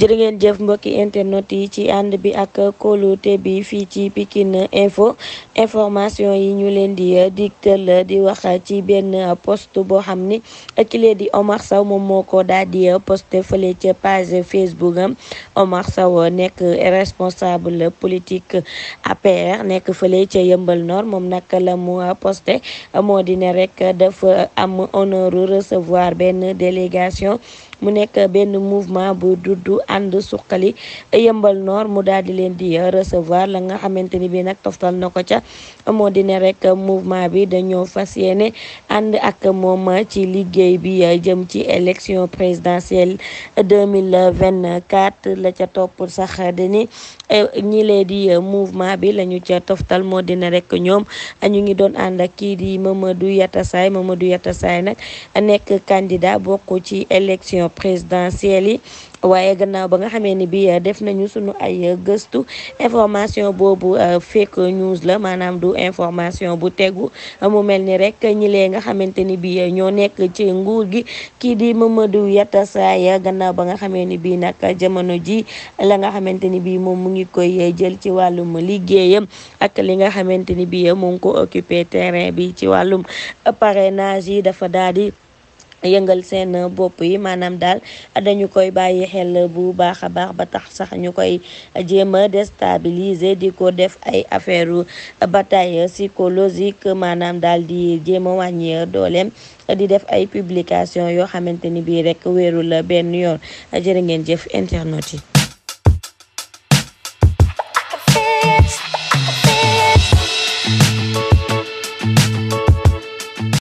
jërë ngeen jëf mbokki internet yi ci ànd bi ak kóolute bi fii ci Pikine Info information yi ñu leen di eh, digtal eh, di wax ci benn post boo xam ni eh, kile di Omar saw moom moo ko daal di poste fële ca page Facebook am Omar Sow nekk responsable politique APR nekk fële ca Yëmbal Nord moom nag la mu poste moo di ne rek dafa am honneur recevoir benn délégation mu nekk benn mouvement bu dudd ànd suqali yëmbal noor mu daal di leen di recevoir la nga xamante ni bi nag toftal na ko ca moo di ne rek mouvement bi dañoo fas yéene ànd ak moom ci liggéey bi jëm ci élection présidentielle 2024 la ca topp sax deni Eh, ñi di eh, mouvement bi la ñu ca moo dina rek ñoom eh, ñu ngi doon ànd ak kii di du Mamadou Yatassay Mamadou Yatassay nag nekk candidat bokk ci élection présidentielle yi waaye gannaaw ba nga xamee ni bi def nañu sunu ay gëstu information boobu euh, fake news la maanaam du information bu tegu mu mel ni rek ñi nga xamante ni bi ñoo nekk ci nguur gi kii di mëma Mamadou Yatassaya gannaaw ba nga xamee ni bii nag jamono ji la nga xamante ni bii moom mu ngi koy jël ci wàllum liggéeyam ak li nga xamante ni bi mu ngi ko occupé terrain bi ci wàllum parrainage yi dafa daal yëngal seen bopp yi maanaam daal dañu koy bàyyi xel bu baax a baax ba tax sax ñu koy jéem a déstabiliser di ko def ay affaire bataille psychologique maanaam daal di jéem a wàññi dooleem di def ay publication yoo xamante ni bii rek wéerul benn yoon jërë ngeen jëf internet yi